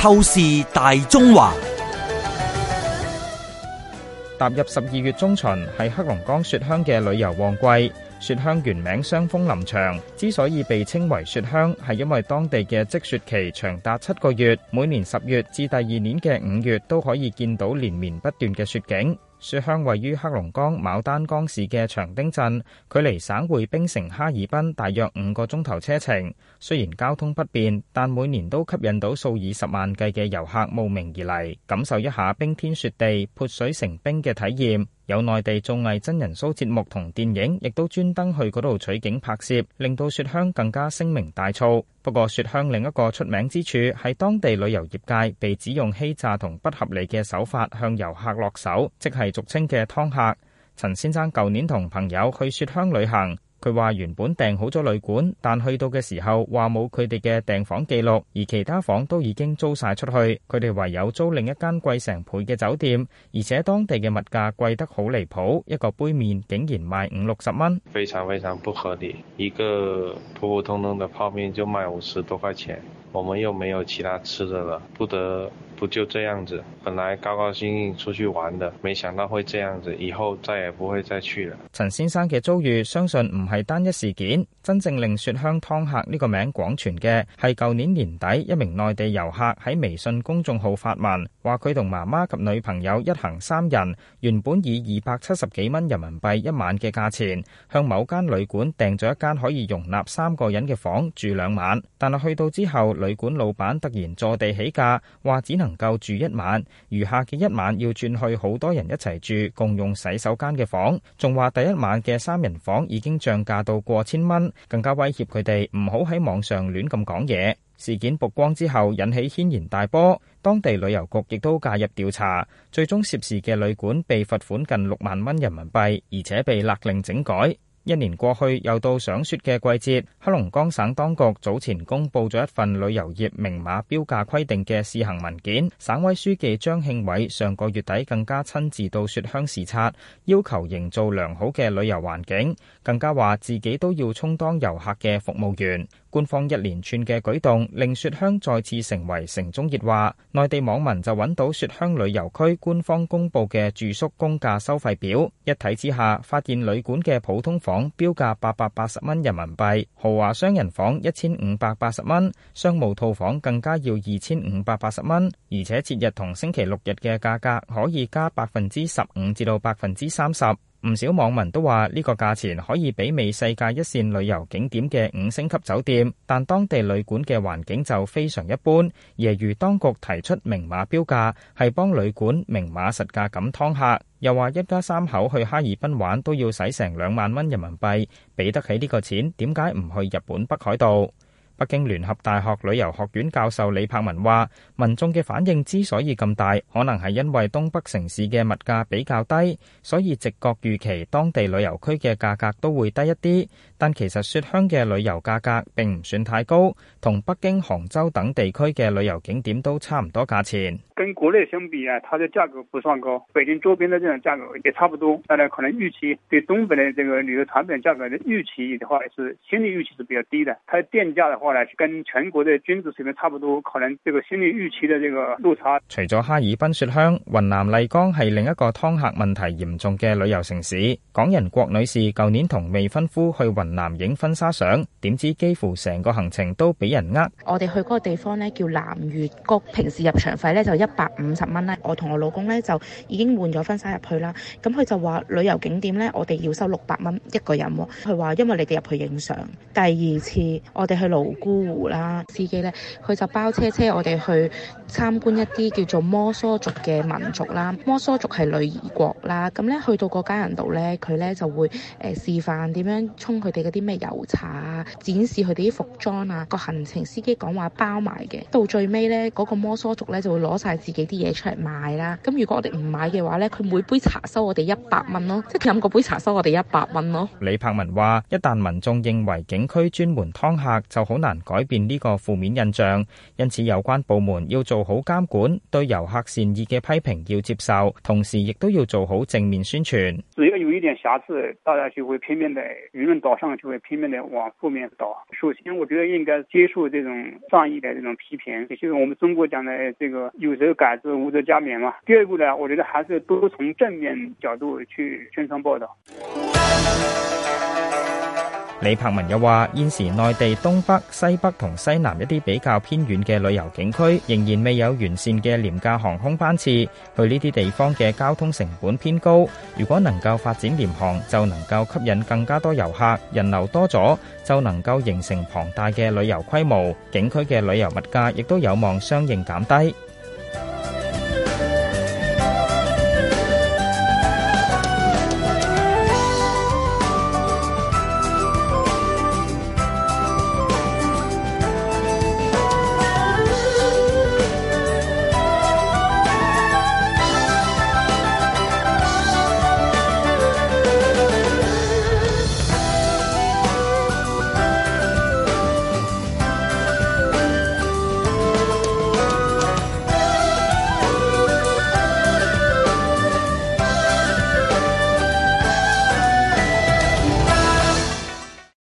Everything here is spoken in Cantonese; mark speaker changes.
Speaker 1: 透視大中華，踏入十二月中旬，係黑龍江雪鄉嘅旅遊旺季。雪鄉原名雙峰林場，之所以被稱為雪鄉，係因為當地嘅積雪期長達七個月，每年十月至第二年嘅五月都可以見到連綿不斷嘅雪景。雪鄉位於黑龍江牡丹江市嘅長汀鎮，距離省會冰城哈爾濱大約五個鐘頭車程。雖然交通不便，但每年都吸引到數以十萬計嘅遊客慕名而嚟，感受一下冰天雪地，潑水成冰嘅體驗。有內地綜藝真人 show 節目同電影，亦都專登去嗰度取景拍攝，令到雪鄉更加聲名大噪。不過，雪鄉另一個出名之處係當地旅遊業界被指用欺詐同不合理嘅手法向遊客落手，即係俗稱嘅劏客。陳先生舊年同朋友去雪鄉旅行。佢話原本訂好咗旅館，但去到嘅時候話冇佢哋嘅訂房記錄，而其他房都已經租晒出去，佢哋唯有租另一間貴成倍嘅酒店，而且當地嘅物價貴得好離譜，一個杯麵竟然賣五六十蚊，非常非常不合理，一個普普通通嘅泡麵就賣五十多塊錢。我們又沒有其他吃的了，不得不就這樣子。本來高高興興出去玩的，沒想到會這樣子，以後再也不會再去了。陳先生嘅遭遇，相信唔係單一事件。真正令雪鄉劏客呢個名廣傳嘅，係舊年年底一名內地遊客喺微信公眾號發文，話佢同媽媽及女朋友一行三人，原本以二百七十幾蚊人民幣一晚嘅價錢，向某間旅館訂咗一間可以容納三個人嘅房住兩晚，但係去到之後，旅館老闆突然坐地起價，話只能夠住一晚，餘下嘅一晚要轉去好多人一齊住，共用洗手間嘅房，仲話第一晚嘅三人房已經漲價到過千蚊，更加威脅佢哋唔好喺網上亂咁講嘢。事件曝光之後，引起軒然大波，當地旅遊局亦都介入調查，最終涉事嘅旅館被罰款近六萬蚊人民幣，而且被勒令整改。一年過去，又到賞雪嘅季節。黑龍江省當局早前公布咗一份旅遊業明碼標價規定嘅試行文件。省委書記張慶偉上個月底更加親自到雪鄉視察，要求營造良好嘅旅遊環境，更加話自己都要充當遊客嘅服務員。官方一連串嘅舉動，令雪鄉再次成為城中熱話。內地網民就揾到雪鄉旅遊區官方公布嘅住宿公價收費表，一睇之下，發現旅館嘅普通房標價八百八十蚊人民幣，豪華雙人房一千五百八十蚊，商務套房更加要二千五百八十蚊，而且節日同星期六日嘅價格可以加百分之十五至到百分之三十。唔少網民都話呢個價錢可以媲美世界一線旅遊景點嘅五星級酒店，但當地旅館嘅環境就非常一般。夜如當局提出明碼標價，係幫旅館明碼實價咁劏客。又話一家三口去哈爾濱玩都要使成兩萬蚊人民幣，俾得起呢個錢，點解唔去日本北海道？北京聯合大學旅遊學院教授李柏文話：民眾嘅反應之所以咁大，可能係因為東北城市嘅物價比較低，所以直覺預期當地旅遊區嘅價格都會低一啲。但其實雪鄉嘅旅遊價格並唔算太高，同北京、杭州等地區嘅旅遊景點都差唔多價錢。
Speaker 2: 跟國內相比啊，它的價格不算高，北京周邊的這種價格也差不多。但係可能預期對東北的這個旅遊產品價格的預期的話，是心理預期是比較低的。它的電價的話，跟全國嘅君子水平差不多，可能呢個心理預期嘅呢個
Speaker 1: 落差。除咗哈爾濱雪鄉，雲南麗江係另一個劏客問題嚴重嘅旅遊城市。港人郭女士舊年同未婚夫去雲南影婚紗相，點知幾乎成個行程都俾人呃。
Speaker 3: 我哋去嗰個地方呢，叫南越谷，平時入場費呢就一百五十蚊呢，我同我老公呢就已經換咗婚紗入去啦。咁佢就話旅遊景點呢，我哋要收六百蚊一個人。佢話因為你哋入去影相，第二次我哋去瀘。孤湖啦，司機咧，佢就包車車我哋去參觀一啲叫做摩梭族嘅民族啦。摩梭族係女兒國啦，咁咧去到個家人度咧，佢咧就會誒示範點樣沖佢哋嗰啲咩油茶啊，展示佢哋啲服裝啊，個行程司機講話包埋嘅。到最尾咧，嗰個摩梭族咧就會攞晒自己啲嘢出嚟賣啦。咁如果我哋唔買嘅話咧，佢每杯茶收我哋一百蚊咯，即係飲嗰杯茶收我哋一百蚊咯。
Speaker 1: 李柏文話：一旦民眾認為景區專門劏客，就好難改變呢個負面印象，因此有關部門要做好監管，對遊客善意嘅批評要接受，同時亦都要做好正面宣傳。
Speaker 2: 只要有一點瑕疵，大家就會拼命的輿論導向就會拼命的往負面導。首先，我覺得應該接受這種善意的這種批評，就是我們中國講的這個“有則改之，無則加勉”嘛。第二步呢，我覺得還是多從正面角度去宣傳報道。
Speaker 1: 李柏文又話現時內地東北、西北同西南一啲比較偏遠嘅旅遊景區仍然未有完善嘅廉價航空班次，去呢啲地方嘅交通成本偏高。如果能夠發展廉航，就能夠吸引更加多遊客，人流多咗，就能夠形成龐大嘅旅遊規模，景區嘅旅遊物價亦都有望相應減低。